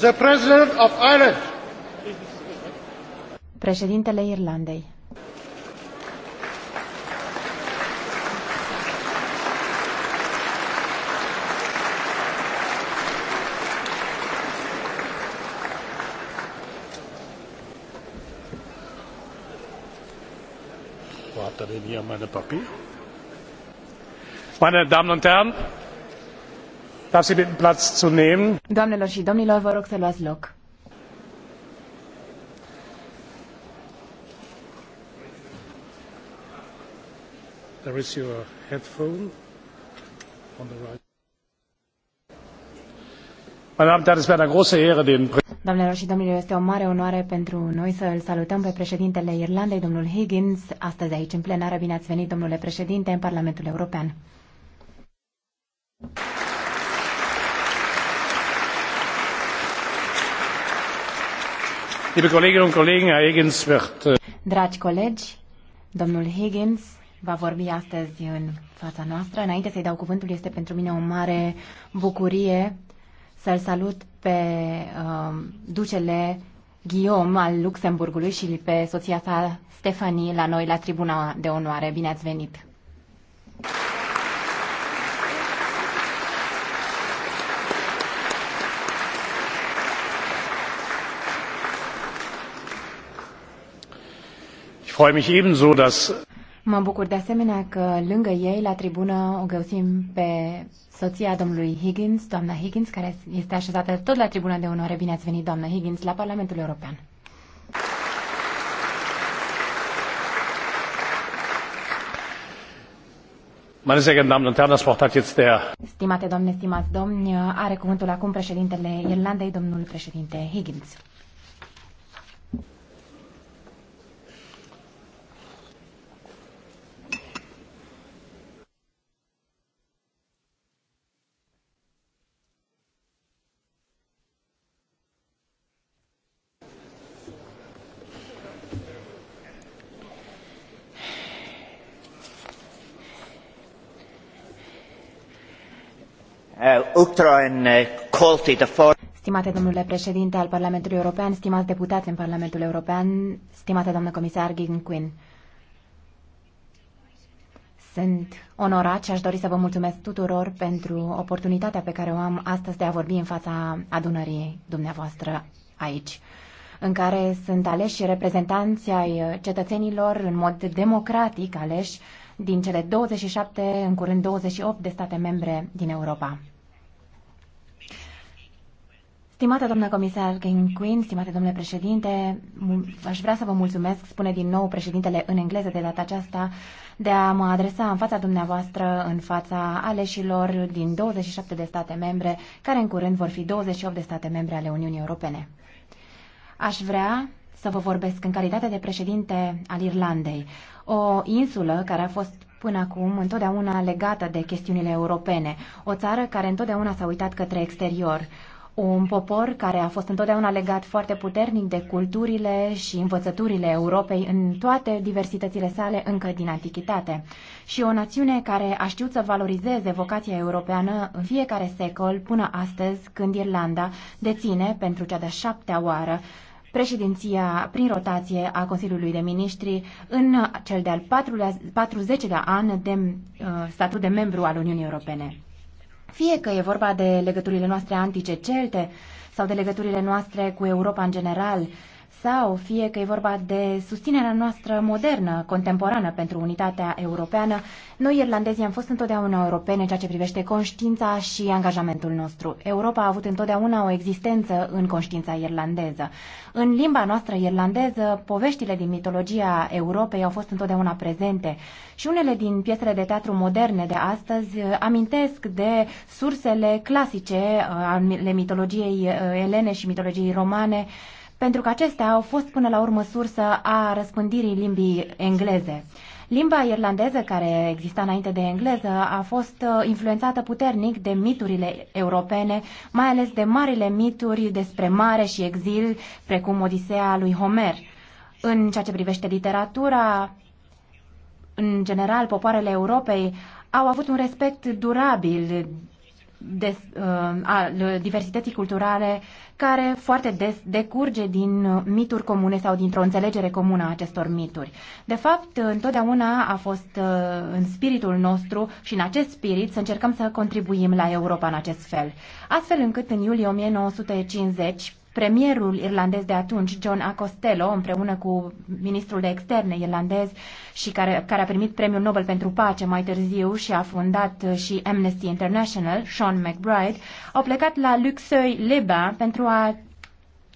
The President of Ireland. Președintele Irlandei. Warte, denn hier meine Papiere. Meine Damen und Herren, Doamnelor și domnilor, vă rog să luați loc. There is your headphone on the right. Doamnelor și domnilor, este o mare onoare pentru noi să îl salutăm pe președintele Irlandei, domnul Higgins, astăzi aici în plenară. Bine ați venit, domnule președinte, în Parlamentul European. Äh, Dragi colegi, domnul Higgins va vorbi astăzi în fața noastră. Înainte să-i dau cuvântul, este pentru mine o mare bucurie să-l salut pe uh, ducele Guillaume al Luxemburgului și pe soția sa Stefanie la noi la tribuna de onoare. Bine ați venit! Mă bucur de asemenea că lângă ei, la tribună, o găsim pe soția domnului Higgins, doamna Higgins, care este așezată tot la tribuna de onoare. Bine ați venit, doamna Higgins, la Parlamentul European. Meine sehr geehrten Damen und Herren, das Wort hat jetzt der Stimate doamne, stimați domni, are cuvântul acum președintele Irlandei, domnul președinte Higgins. Stimate domnule președinte al Parlamentului European, stimați deputați în Parlamentul European, stimate domnule comisar Gin Quinn, sunt onorat și aș dori să vă mulțumesc tuturor pentru oportunitatea pe care o am astăzi de a vorbi în fața adunării dumneavoastră aici, în care sunt aleși reprezentanții ai cetățenilor în mod democratic aleși din cele 27, în curând 28 de state membre din Europa. Stimată doamnă comisar King Queen, stimate domnule președinte, aș vrea să vă mulțumesc, spune din nou președintele în engleză de data aceasta, de a mă adresa în fața dumneavoastră, în fața aleșilor din 27 de state membre, care în curând vor fi 28 de state membre ale Uniunii Europene. Aș vrea să vă vorbesc în calitate de președinte al Irlandei, o insulă care a fost până acum întotdeauna legată de chestiunile europene, o țară care întotdeauna s-a uitat către exterior, un popor care a fost întotdeauna legat foarte puternic de culturile și învățăturile Europei în toate diversitățile sale încă din antichitate și o națiune care a știut să valorizeze vocația europeană în fiecare secol până astăzi când Irlanda deține pentru cea de-a șaptea oară președinția prin rotație a Consiliului de Ministri în cel de-al 40-lea an de uh, statut de membru al Uniunii Europene. Fie că e vorba de legăturile noastre antice celte sau de legăturile noastre cu Europa în general, sau fie că e vorba de susținerea noastră modernă, contemporană pentru unitatea europeană, noi irlandezii am fost întotdeauna europene ceea ce privește conștiința și angajamentul nostru. Europa a avut întotdeauna o existență în conștiința irlandeză. În limba noastră irlandeză, poveștile din mitologia Europei au fost întotdeauna prezente și unele din piesele de teatru moderne de astăzi uh, amintesc de sursele clasice uh, ale mitologiei uh, elene și mitologiei romane, pentru că acestea au fost până la urmă sursă a răspândirii limbii engleze. Limba irlandeză, care exista înainte de engleză, a fost uh, influențată puternic de miturile europene, mai ales de marile mituri despre mare și exil, precum Odiseea lui Homer. În ceea ce privește literatura, în general, popoarele Europei au avut un respect durabil de, uh, al diversității culturale care foarte des decurge din mituri comune sau dintr-o înțelegere comună a acestor mituri. De fapt, întotdeauna a fost uh, în spiritul nostru și în acest spirit să încercăm să contribuim la Europa în acest fel. Astfel încât în iulie 1950 premierul irlandez de atunci, John A. Costello, împreună cu ministrul de externe irlandez și care, care a primit premiul Nobel pentru pace mai târziu și a fundat uh, și Amnesty International, Sean McBride, au plecat la luxeuil Liban pentru a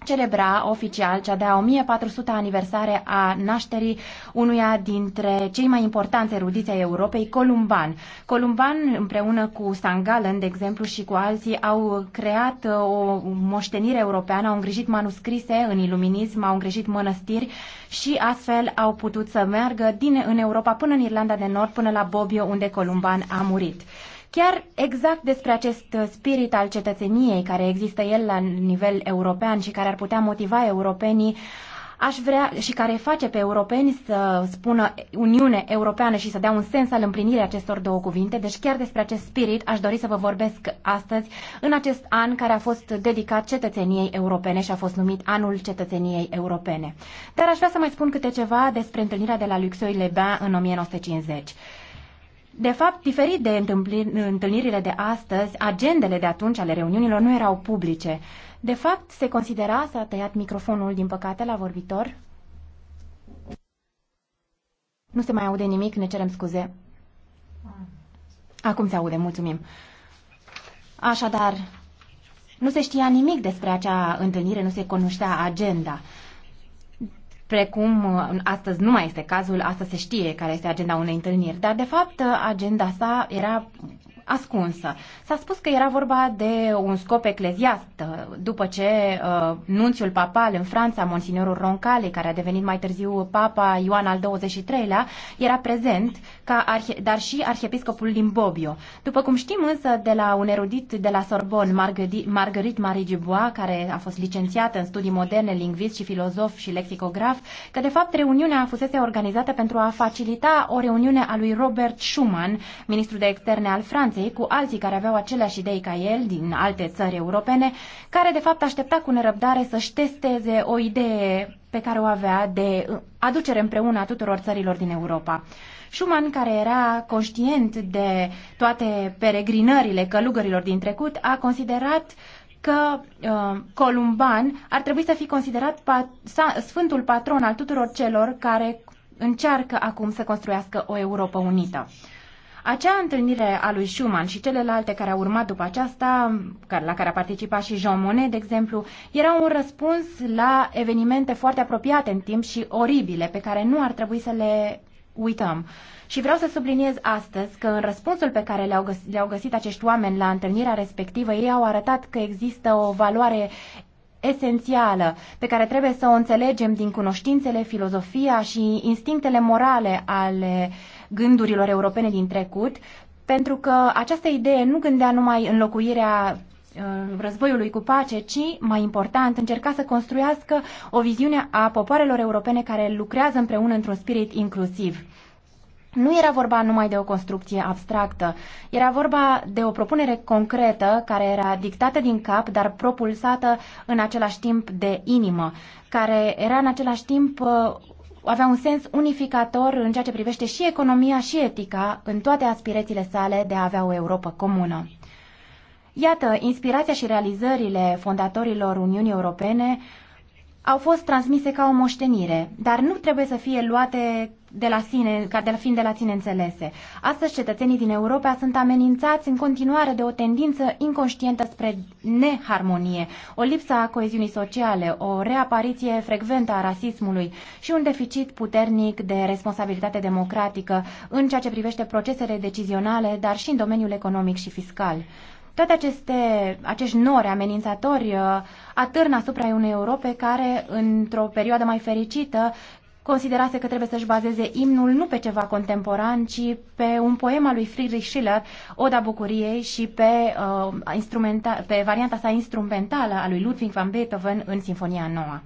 celebra oficial cea de-a 1400 aniversare a nașterii unuia dintre cei mai importanți erudiți ai Europei, Columban. Columban, împreună cu Sangalen, de exemplu, și cu alții, au creat uh, o moștenire europeană, au îngrijit manuscrise în iluminism, au îngrijit mănăstiri și astfel au putut să meargă din, în Europa până în Irlanda de Nord, până la Bobbio, unde Columban a murit. Chiar exact despre acest uh, spirit al cetățeniei care există el la nivel european și care ar putea motiva europenii aș vrea și care face pe europeni să spună Uniune Europeană și să dea un sens al împlinirii acestor două cuvinte. Deci chiar despre acest spirit aș dori să vă vorbesc astăzi în acest an care a fost dedicat cetățeniei europene și a fost numit Anul Cetățeniei Europene. Dar aș vrea să mai spun câte ceva despre întâlnirea de la Luxeuil-les-Bains în 1950. De fapt, diferit de întâlnirile de astăzi, agendele de atunci ale reuniunilor nu erau publice. De fapt, se considera, s-a tăiat microfonul, din păcate, la vorbitor. Nu se mai aude nimic, ne cerem scuze. Acum se aude, mulțumim. Așadar, nu se știa nimic despre acea întâlnire, nu se cunoștea agenda precum uh, astăzi nu mai este cazul, astăzi se știe care este agenda unei întâlniri, dar de fapt uh, agenda sa era ascunsă. S-a spus că era vorba de un scop ecleziast, uh, după ce uh, nunțiul papal în Franța, monsignorul Roncalli, care a devenit mai târziu papa Ioan al XXIII-lea, era prezent, ca arhe- dar și arhiepiscopul Limbobio. După cum știm însă de la un erudit de la Sorbon, Marguerite, Marguerite Marie Dubois, care a fost licențiată în studii moderne, lingvist și filozof și lexicograf, că de fapt reuniunea a fusese organizată pentru a facilita o reuniune a lui Robert Schuman, ministru de externe al Franței, Franței cu alții care aveau aceleași idei ca el din alte țări europene, care de fapt aștepta cu nerăbdare să-și testeze o idee pe care o avea de uh, aducere împreună a tuturor țărilor din Europa. Schumann, care era conștient de toate peregrinările călugărilor din trecut, a considerat că uh, Columban ar trebui să fie considerat pat, sfântul patron al tuturor celor care încearcă acum să construiască o Europa unită. Acea întâlnire a lui Schumann și celelalte care au urmat după aceasta, la care a participat și Jean Monnet, de exemplu, era un răspuns la evenimente foarte apropiate în timp și oribile, pe care nu ar trebui să le uităm. Și vreau să subliniez astăzi că în răspunsul pe care le-au găsit, le găsit acești oameni la întâlnirea respectivă, ei au arătat că există o valoare esențială pe care trebuie să o înțelegem din cunoștințele, filozofia și instinctele morale ale gândurilor europene din trecut, pentru că această idee nu gândea numai înlocuirea uh, războiului cu pace, ci, mai important, încerca să construiască o viziune a popoarelor europene care lucrează împreună într-un spirit inclusiv. Nu era vorba numai de o construcție abstractă, era vorba de o propunere concretă care era dictată din cap, dar propulsată în același timp de inimă, care era în același timp uh, avea un sens unificator în ceea ce privește și economia și etica în toate aspirațiile sale de a avea o Europa comună. Iată, inspirația și realizările fondatorilor Uniunii Europene au fost transmise ca o moștenire, dar nu trebuie să fie luate de la sine, ca de la, fiind de la sine înțelese. Astăzi, cetățenii din Europa sunt amenințați în continuare de o tendință inconștientă spre neharmonie, o lipsă a coeziunii sociale, o reapariție frecventă a rasismului și un deficit puternic de responsabilitate democratică în ceea ce privește procesele decizionale, dar și în domeniul economic și fiscal. Toate aceste, acești nori amenințatori uh, atârnă asupra unei Europe care, într-o perioadă mai fericită, considerase că trebuie să-și bazeze imnul nu pe ceva contemporan, ci pe un poem al lui Friedrich Schiller, Oda Bucuriei, și pe, uh, pe varianta sa instrumentală a lui Ludwig van Beethoven în Sinfonia Noua.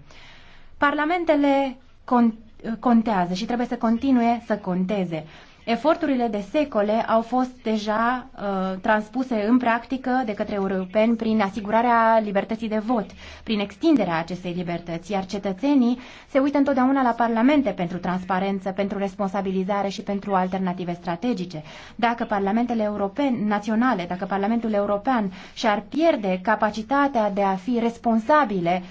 Parlamentele con- contează și trebuie să continue să conteze. Eforturile de secole au fost deja uh, transpuse în practică de către europeni prin asigurarea libertății de vot, prin extinderea acestei libertăți, iar cetățenii se uită întotdeauna la parlamente pentru transparență, pentru responsabilizare și pentru alternative strategice. Dacă parlamentele europene, naționale, dacă Parlamentul European și-ar pierde capacitatea de a fi responsabile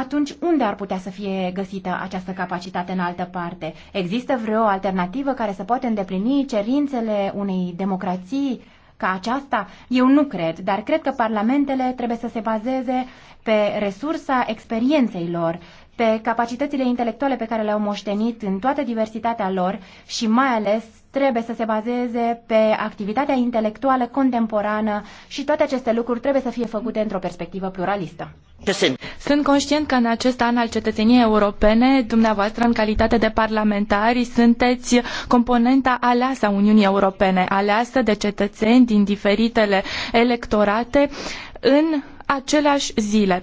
atunci unde ar putea să fie găsită această capacitate în altă parte? Există vreo alternativă care să poată îndeplini cerințele unei democrații ca aceasta? Eu nu cred, dar cred că parlamentele trebuie să se bazeze pe resursa experienței lor, pe capacitățile intelectuale pe care le-au moștenit în toată diversitatea lor și mai ales trebuie să se bazeze pe activitatea intelectuală contemporană și toate aceste lucruri trebuie să fie făcute într-o perspectivă pluralistă. Sunt conștient că în acest an al cetățeniei europene, dumneavoastră, în calitate de parlamentari, sunteți componenta aleasă a Uniunii Europene, aleasă de cetățeni din diferitele electorate în aceleași zile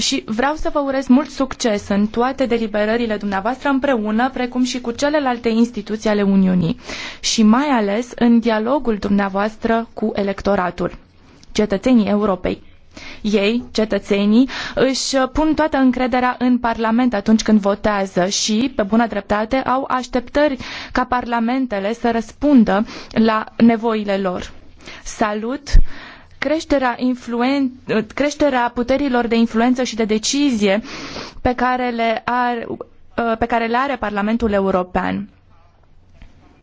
și vreau să vă urez mult succes în toate deliberările dumneavoastră împreună, precum și cu celelalte instituții ale Uniunii și mai ales în dialogul dumneavoastră cu electoratul, cetățenii Europei. Ei, cetățenii, își pun toată încrederea în Parlament atunci când votează și, pe bună dreptate, au așteptări ca parlamentele să răspundă la nevoile lor. Salut! Uh, creșterea, influen- creșterea puterilor de influență și de decizie pe care le are, uh, pe care le are Parlamentul European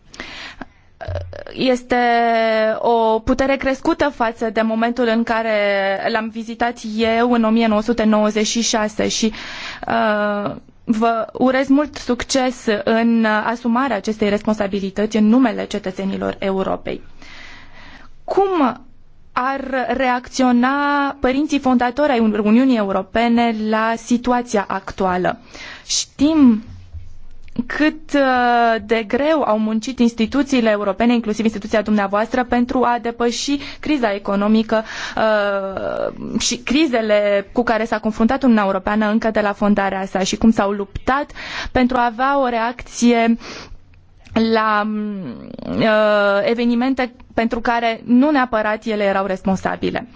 uh, este o putere crescută față de momentul în care l-am vizitat eu în 1996 și uh, vă urez mult succes în asumarea acestei responsabilități în numele cetățenilor Europei. Cum ar reacționa părinții fondatori ai Uniunii Europene la situația actuală. Știm cât uh, de greu au muncit instituțiile europene, inclusiv instituția dumneavoastră, pentru a depăși criza economică uh, și crizele cu care s-a confruntat Uniunea Europeană încă de la fondarea sa și cum s-au luptat pentru a avea o reacție la mm, uh, evenimente pentru care nu neapărat ele erau responsabile.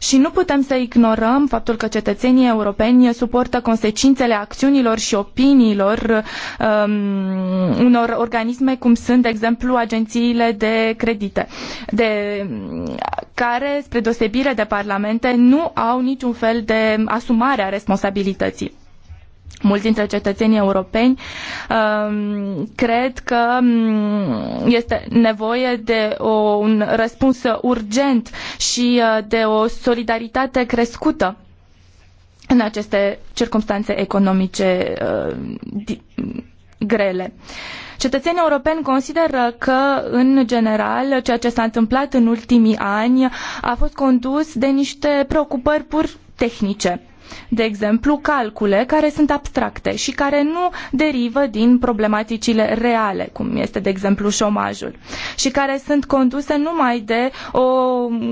Și nu putem să ignorăm faptul că cetățenii europeni suportă consecințele acțiunilor și opiniilor um, unor organisme cum sunt, de exemplu, agențiile de credite, de, care, spre deosebire de parlamente, nu au niciun fel de asumare a responsabilității mulți dintre cetățenii europeni um, cred că um, este nevoie de un răspuns urgent și uh, de o solidaritate crescută în aceste circunstanțe economice uh, grele. Cetățenii europeni consideră că, în general, ceea ce s-a întâmplat în ultimii ani a fost condus de niște preocupări pur tehnice de exemplu, calcule care sunt abstracte și care nu derivă din problematicile reale, cum este, de exemplu, șomajul, și care sunt conduse numai de o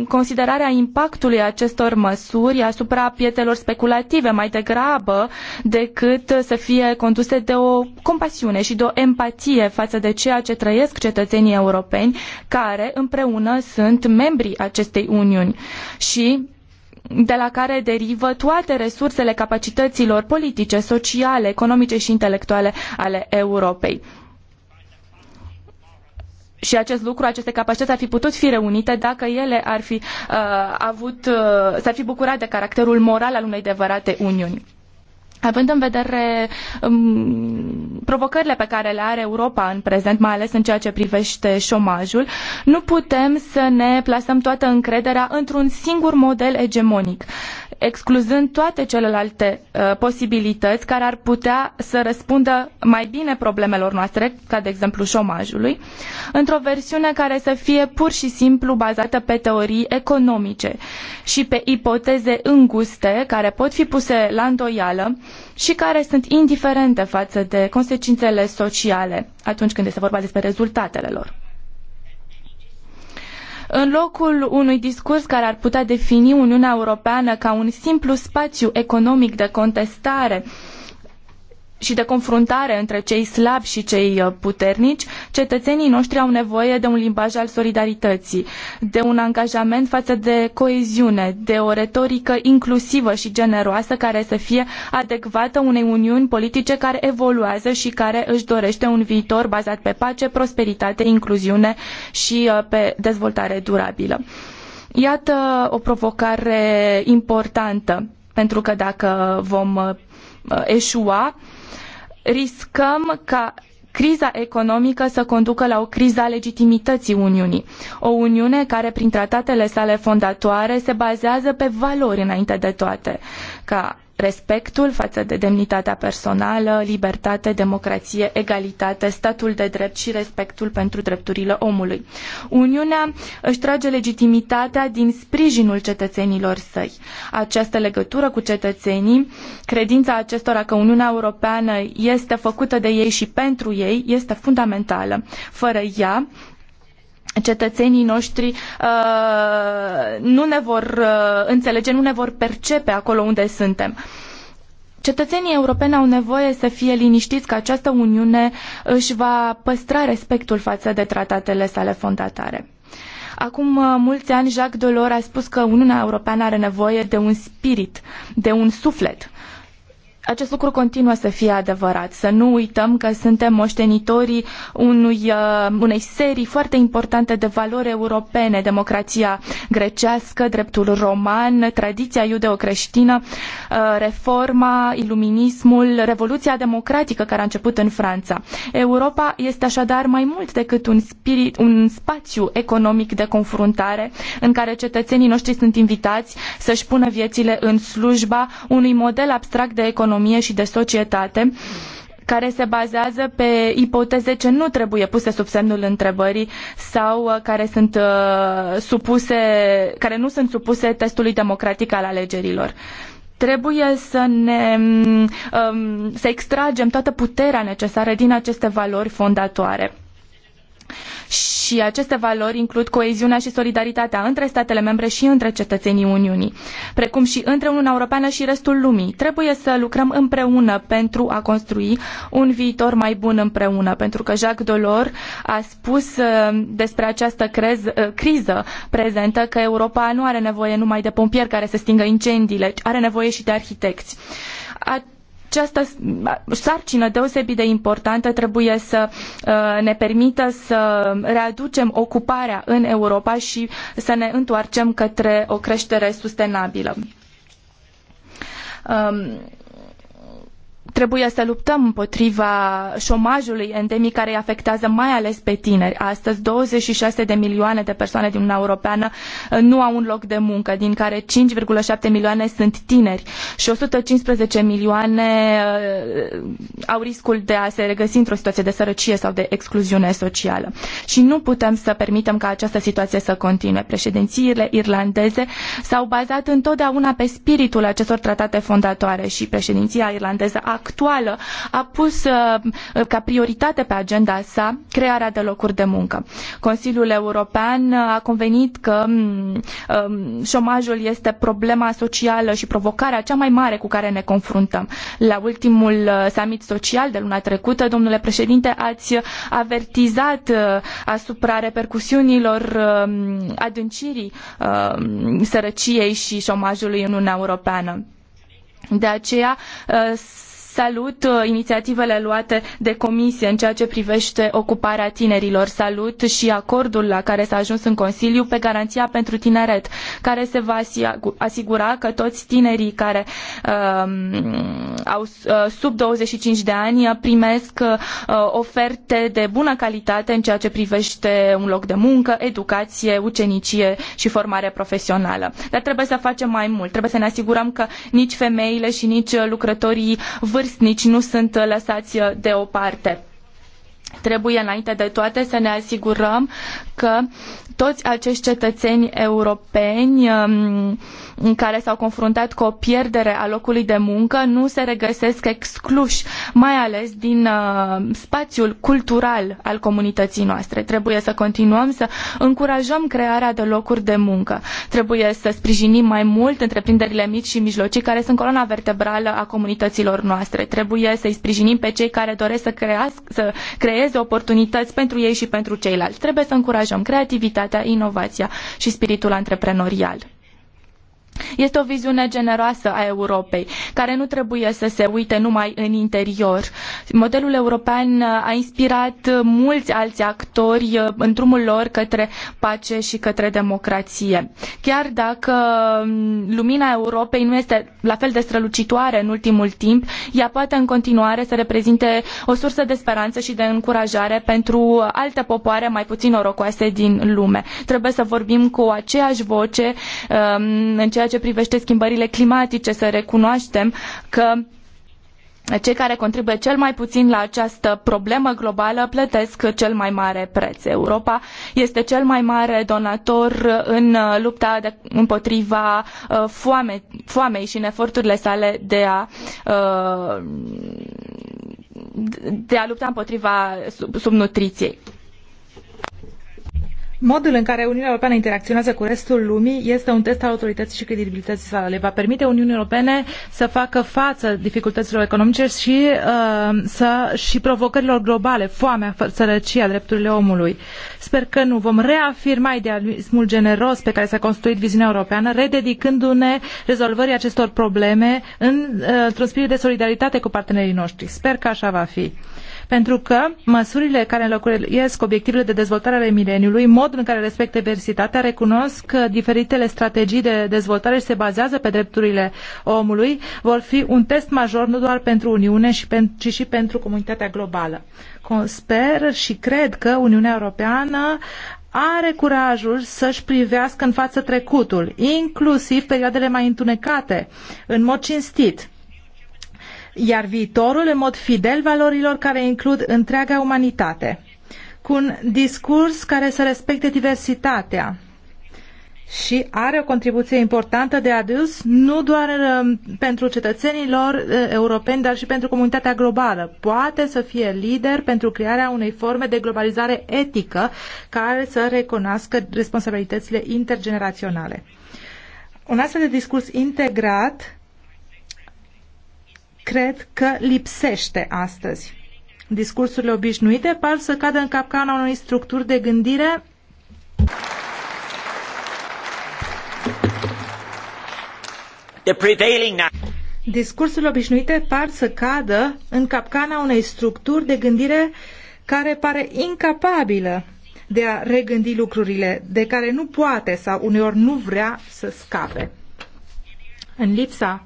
considerare a impactului acestor măsuri asupra pietelor speculative, mai degrabă decât să fie conduse de o compasiune și de o empatie față de ceea ce trăiesc cetățenii europeni, care împreună sunt membrii acestei Uniuni. Și de la care derivă toate resursele capacităților politice, sociale, economice și intelectuale ale Europei. Și acest lucru, aceste capacități ar fi putut fi reunite dacă ele ar fi uh, avut, uh, s-ar fi bucurat de caracterul moral al unei adevărate uniuni. Având în vedere um, provocările pe care le are Europa în prezent, mai ales în ceea ce privește șomajul, nu putem să ne plasăm toată încrederea într-un singur model egemonic. Uh, excluzând toate celelalte uh, posibilități care ar putea să răspundă mai bine problemelor noastre, ca de exemplu șomajului, într-o versiune care să fie pur și simplu bazată pe teorii economice și pe ipoteze înguste care pot fi puse la îndoială și care sunt indiferente față de consecințele sociale atunci când este vorba despre rezultatele lor. În locul unui discurs care ar putea defini Uniunea Europeană ca un simplu spațiu economic de contestare, și de confruntare între cei slabi și cei uh, puternici, cetățenii noștri au nevoie de un limbaj al solidarității, de un angajament față de coeziune, de o retorică inclusivă și generoasă care să fie adecvată unei uniuni politice care evoluează și care își dorește un viitor bazat pe pace, prosperitate, incluziune și uh, pe dezvoltare durabilă. Iată o provocare importantă pentru că dacă vom uh, eșua, riscăm ca criza economică să conducă la o criză a legitimității Uniunii. O Uniune care, prin tratatele sale fondatoare, se bazează pe valori înainte de toate, ca respectul față de demnitatea personală, libertate, democrație, egalitate, statul de drept și respectul pentru drepturile omului. Uniunea își trage legitimitatea din sprijinul cetățenilor săi. Această legătură cu cetățenii, credința acestora că Uniunea Europeană este făcută de ei și pentru ei, este fundamentală. Fără ea, cetățenii noștri uh, nu ne vor uh, înțelege, nu ne vor percepe acolo unde suntem. Cetățenii europeni au nevoie să fie liniștiți că această Uniune își va păstra respectul față de tratatele sale fondatare. Acum uh, mulți ani, Jacques Delors a spus că Uniunea Europeană are nevoie de un spirit, de un suflet acest lucru continuă să fie adevărat. Să nu uităm că suntem moștenitorii unui, uh, unei serii foarte importante de valori europene, democrația grecească, dreptul roman, tradiția iudeocreștină, uh, reforma, iluminismul, revoluția democratică care a început în Franța. Europa este așadar mai mult decât un, spirit, un spațiu economic de confruntare în care cetățenii noștri sunt invitați să-și pună viețile în slujba unui model abstract de economie economie și de societate care se bazează pe ipoteze ce nu trebuie puse sub semnul întrebării sau uh, care sunt uh, supuse, care nu sunt supuse testului democratic al alegerilor trebuie să ne mm, um, să extragem toată puterea necesară din aceste valori fondatoare și aceste valori includ coeziunea și solidaritatea între statele membre și între cetățenii Uniunii, precum și între Uniunea Europeană și restul lumii. Trebuie să lucrăm împreună pentru a construi un viitor mai bun împreună, pentru că Jacques Delors a spus uh, despre această crez, uh, criză prezentă că Europa nu are nevoie numai de pompieri care să stingă incendiile, are nevoie și de arhitecți. A această sarcină deosebit de importantă trebuie să uh, ne permită să readucem ocuparea în Europa și să ne întoarcem către o creștere sustenabilă. Um, Trebuie să luptăm împotriva șomajului endemic care îi afectează mai ales pe tineri. Astăzi, 26 de milioane de persoane din Uniunea Europeană uh, nu au un loc de muncă, din care 5,7 milioane sunt tineri și 115 milioane uh, au riscul de a se regăsi într-o situație de sărăcie sau de excluziune socială. Și nu putem să permitem ca această situație să continue. Președințiile irlandeze s-au bazat întotdeauna pe spiritul acestor tratate fondatoare și președinția irlandeză a actuală a pus uh, uh, ca prioritate pe agenda sa crearea de locuri de muncă. Consiliul European uh, a convenit că mm, um, șomajul este problema socială și provocarea cea mai mare cu care ne confruntăm. La ultimul summit social de luna trecută, domnule președinte, ați avertizat asupra repercusiunilor adâncirii sărăciei și șomajului în Uniunea Europeană. De aceea Salut uh, inițiativele luate de comisie în ceea ce privește ocuparea tinerilor. Salut și acordul la care s-a ajuns în Consiliu pe garanția pentru tineret, care se va asigura că toți tinerii care um, uh, au sub 25 de ani uh, primesc uh, oferte de bună calitate în ceea ce privește un loc de muncă, educație, ucenicie și formare profesională. Dar trebuie să facem mai mult. Trebuie să ne asigurăm că nici femeile și nici uh, lucrătorii vând vârstnici nu sunt lăsați uh, deoparte. Trebuie înainte de toate să ne asigurăm că toți acești cetățeni europeni um, în care s-au confruntat cu o pierdere a locului de muncă nu se regăsesc excluși, mai ales din uh, spațiul cultural al comunității noastre. Trebuie să continuăm să încurajăm crearea de locuri de muncă. Trebuie să sprijinim mai mult întreprinderile mici și mijlocii care sunt coloana vertebrală a comunităților noastre. Trebuie să-i sprijinim pe cei care doresc să, crească, să creeze creeze oportunități pentru ei și pentru ceilalți. Trebuie să încurajăm creativitatea, inovația și spiritul antreprenorial. Este o viziune generoasă a Europei, care nu trebuie să se uite numai în interior. Modelul european a inspirat mulți alți actori uh, în drumul lor către pace și către democrație. Chiar dacă um, lumina Europei nu este la fel de strălucitoare în ultimul timp, ea poate în continuare să reprezinte o sursă de speranță și de încurajare pentru alte popoare mai puțin norocoase din lume. Trebuie să vorbim cu aceeași voce um, în ceea ce privește schimbările climatice, să recunoaștem că cei care contribuie cel mai puțin la această problemă globală plătesc cel mai mare preț. Europa este cel mai mare donator în lupta de, împotriva uh, foame, foamei și în eforturile sale de a uh, de a lupta împotriva subnutriției. Modul în care Uniunea Europeană interacționează cu restul lumii este un test al autorității și credibilității sale. Le va permite Uniunii Europene să facă față dificultăților economice și, uh, să, și provocărilor globale, foamea, sărăcia, drepturile omului. Sper că nu vom reafirma idealismul generos pe care s-a construit viziunea europeană, rededicându-ne rezolvării acestor probleme în, uh, într-un spirit de solidaritate cu partenerii noștri. Sper că așa va fi pentru că măsurile care înlocuiesc obiectivele de dezvoltare ale mileniului, modul în care respectă diversitatea, recunosc că diferitele strategii de dezvoltare se bazează pe drepturile omului, vor fi un test major nu doar pentru Uniune, ci și pentru comunitatea globală. Sper și cred că Uniunea Europeană are curajul să-și privească în față trecutul, inclusiv perioadele mai întunecate, în mod cinstit iar viitorul în mod fidel valorilor care includ întreaga umanitate, cu un discurs care să respecte diversitatea și are o contribuție importantă de adus nu doar um, pentru cetățenilor uh, europeni, dar și pentru comunitatea globală. Poate să fie lider pentru crearea unei forme de globalizare etică care să recunoască responsabilitățile intergeneraționale. Un astfel de discurs integrat cred că lipsește astăzi. Discursurile obișnuite par să cadă în capcana unei structuri de gândire Discursurile obișnuite par să cadă în capcana unei structuri de gândire care pare incapabilă de a regândi lucrurile, de care nu poate sau uneori nu vrea să scape. În lipsa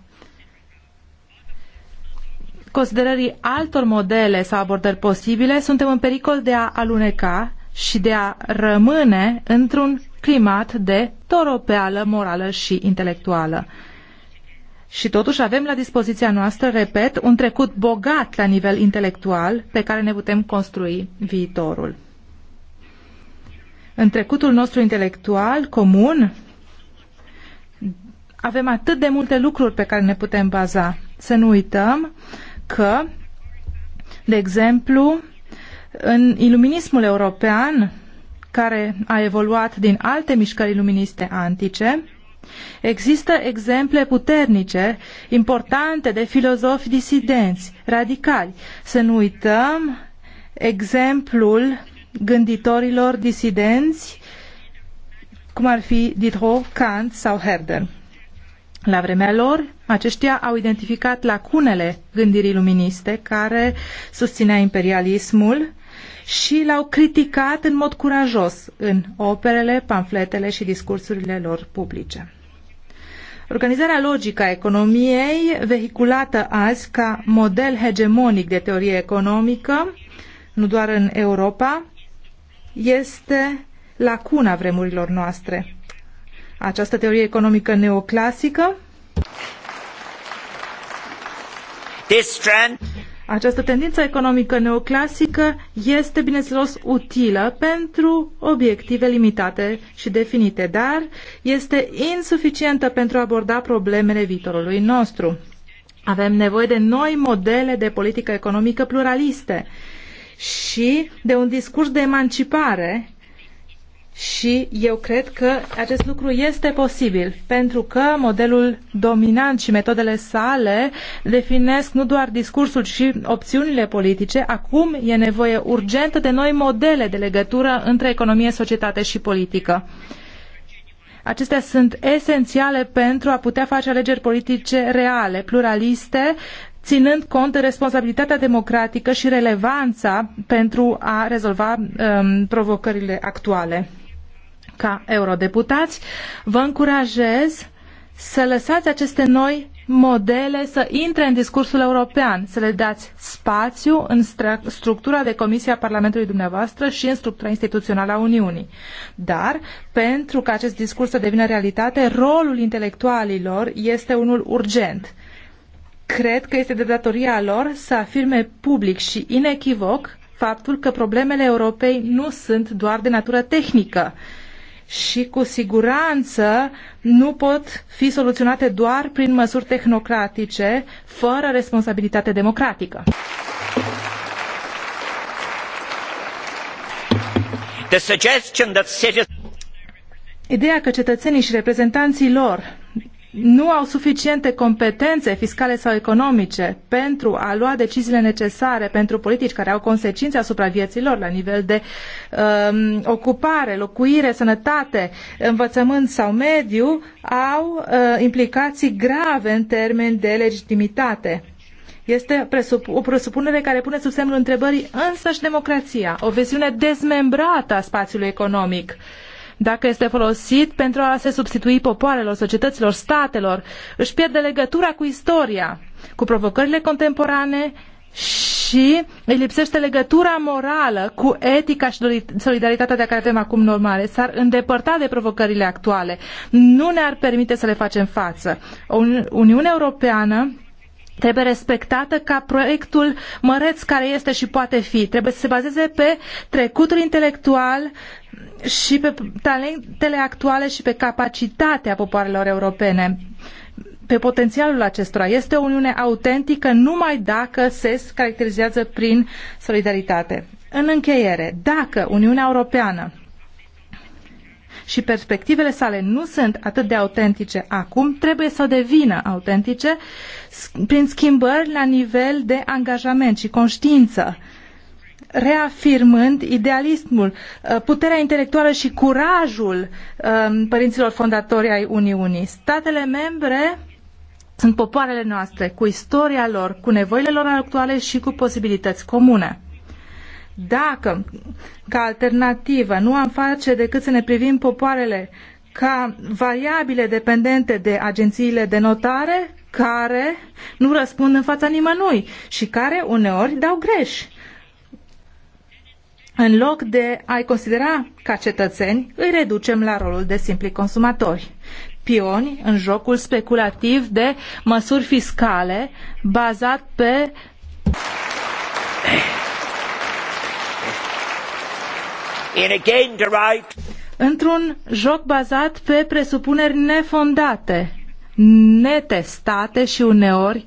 considerării altor modele sau abordări posibile, suntem în pericol de a aluneca și de a rămâne într-un climat de toropeală morală și intelectuală. Și totuși avem la dispoziția noastră, repet, un trecut bogat la nivel intelectual pe care ne putem construi viitorul. În trecutul nostru intelectual comun avem atât de multe lucruri pe care ne putem baza. Să nu uităm că, de exemplu, în iluminismul european, care a evoluat din alte mișcări iluministe antice, Există exemple puternice, importante de filozofi disidenți, radicali. Să nu uităm exemplul gânditorilor disidenți, cum ar fi Diderot, Kant sau Herder. La vremea lor, aceștia au identificat lacunele gândirii luministe care susținea imperialismul și l-au criticat în mod curajos în operele, pamfletele și discursurile lor publice. Organizarea logică a economiei, vehiculată azi ca model hegemonic de teorie economică, nu doar în Europa, este lacuna vremurilor noastre această teorie economică neoclasică. This trend... Această tendință economică neoclasică este, bineînțeles, utilă pentru obiective limitate și definite, dar este insuficientă pentru a aborda problemele viitorului nostru. Avem nevoie de noi modele de politică economică pluraliste și de un discurs de emancipare și eu cred că acest lucru este posibil, pentru că modelul dominant și metodele sale definesc nu doar discursul și opțiunile politice, acum e nevoie urgentă de noi modele de legătură între economie, societate și politică. Acestea sunt esențiale pentru a putea face alegeri politice reale, pluraliste, ținând cont de responsabilitatea democratică și relevanța pentru a rezolva um, provocările actuale ca eurodeputați, vă încurajez să lăsați aceste noi modele să intre în discursul european, să le dați spațiu în structura de comisie a Parlamentului dumneavoastră și în structura instituțională a Uniunii. Dar, pentru ca acest discurs să devină realitate, rolul intelectualilor este unul urgent. Cred că este de datoria lor să afirme public și inechivoc faptul că problemele Europei nu sunt doar de natură tehnică, și cu siguranță nu pot fi soluționate doar prin măsuri tehnocratice, fără responsabilitate democratică. Ideea că cetățenii și reprezentanții lor nu au suficiente competențe fiscale sau economice pentru a lua deciziile necesare pentru politici care au consecințe asupra vieților la nivel de um, ocupare, locuire, sănătate, învățământ sau mediu, au uh, implicații grave în termeni de legitimitate. Este o presupunere care pune sub semnul întrebării însăși democrația, o viziune dezmembrată a spațiului economic. Uh, dacă este folosit pentru a se substitui popoarelor, societăților, statelor, își pierde legătura cu istoria, cu provocările contemporane și îi lipsește legătura morală cu etica și solidaritatea de care avem acum normale. S-ar îndepărta de provocările actuale. Nu ne-ar permite să le facem față. O Uniune Europeană trebuie respectată ca proiectul măreț care este și poate fi. Trebuie să se bazeze pe trecutul intelectual și pe talentele actuale și pe capacitatea popoarelor europene pe potențialul acestora. Este o uniune autentică numai dacă se caracterizează prin solidaritate. În încheiere, dacă Uniunea Europeană și perspectivele sale nu sunt atât de autentice acum, trebuie să devină autentice prin schimbări la nivel de angajament și conștiință reafirmând idealismul, uh, puterea intelectuală și curajul um, părinților fondatori ai Uniunii. Statele membre sunt popoarele noastre, cu istoria lor, cu nevoile lor actuale și cu posibilități comune. Dacă, ca alternativă, nu am face decât să ne privim popoarele ca variabile dependente de agențiile de notare, care nu răspund în fața nimănui și care uneori dau greș în loc de a-i considera ca cetățeni, îi reducem la rolul de simpli consumatori, pioni în jocul speculativ de măsuri fiscale bazat pe într-un joc bazat pe presupuneri nefondate, netestate și uneori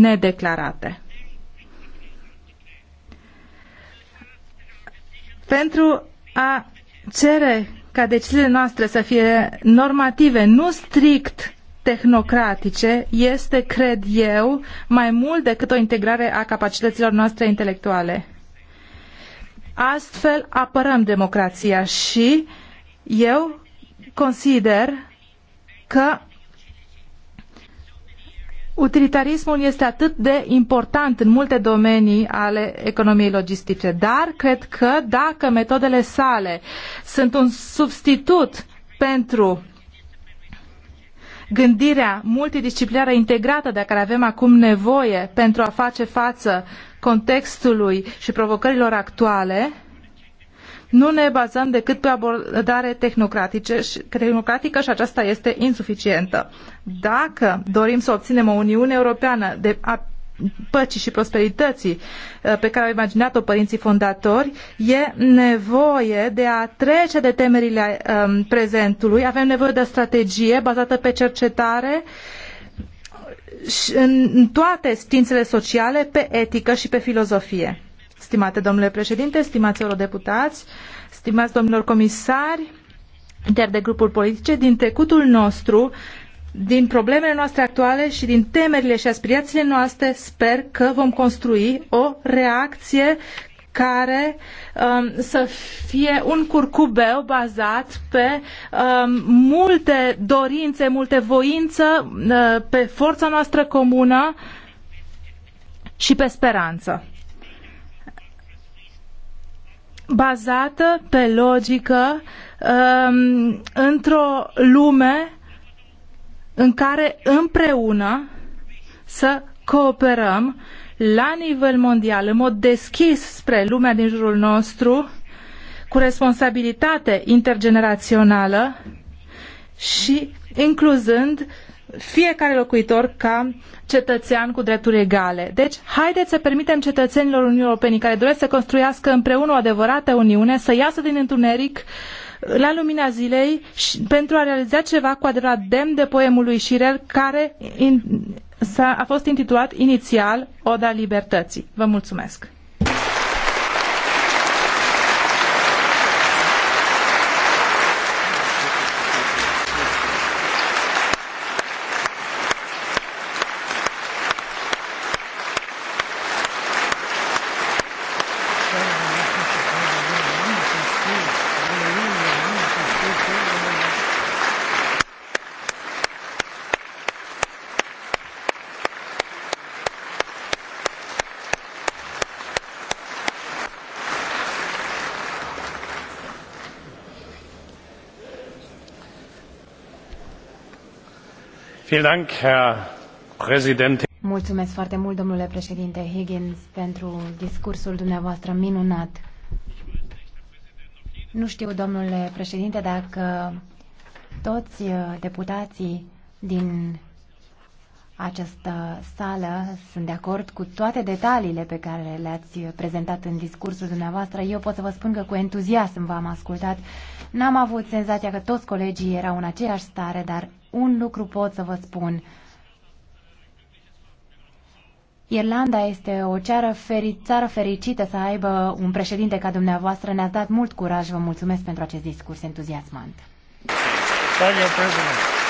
nedeclarate. pentru a cere ca deciziile noastre să fie normative, nu strict tehnocratice, este, cred eu, mai mult decât o integrare a capacităților noastre intelectuale. Astfel apărăm democrația și eu consider că Utilitarismul este atât de important în multe domenii ale economiei logistice, dar cred că dacă metodele sale sunt un substitut pentru gândirea multidisciplinară integrată de care avem acum nevoie pentru a face față contextului și provocărilor actuale, nu ne bazăm decât pe abordare tehnocratice și, tehnocratică și aceasta este insuficientă. Dacă dorim să obținem o Uniune Europeană de a păcii și prosperității uh, pe care au imaginat-o părinții fondatori, e nevoie de a trece de temerile um, prezentului, avem nevoie de o strategie bazată pe cercetare în toate științele sociale, pe etică și pe filozofie. Stimate domnule președinte, stimați eurodeputați, stimați domnilor comisari, inter de grupuri politice, din trecutul nostru, din problemele noastre actuale și din temerile și aspirațiile noastre, sper că vom construi o reacție care um, să fie un curcubeu bazat pe um, multe dorințe, multe voință, uh, pe forța noastră comună și pe speranță bazată pe logică um, într-o lume în care împreună să cooperăm la nivel mondial, în mod deschis spre lumea din jurul nostru, cu responsabilitate intergenerațională și incluzând fiecare locuitor ca cetățean cu drepturi egale. Deci, haideți să permitem cetățenilor Uniunii Europene care doresc să construiască împreună o adevărată Uniune, să iasă din întuneric la lumina zilei și, pentru a realiza ceva cu adevărat demn de poemul lui Schirer, care in, a a fost intitulat inițial Oda Libertății. Vă mulțumesc! Mulțumesc foarte mult, domnule președinte Higgins, pentru discursul dumneavoastră minunat. Nu știu, domnule președinte, dacă toți uh, deputații din această sală sunt de acord cu toate detaliile pe care le-ați prezentat în discursul dumneavoastră. Eu pot să vă spun că cu entuziasm v-am ascultat. N-am avut senzația că toți colegii erau în aceeași stare, dar un lucru pot să vă spun. Irlanda este o ceară feri- țară fericită să aibă un președinte ca dumneavoastră. Ne-ați dat mult curaj. Vă mulțumesc pentru acest discurs entuziasmant. Thank you,